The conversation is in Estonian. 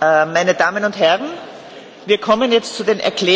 Äh, meine damen und herren wir kommen jetzt zu den erklärungen der fraktionen.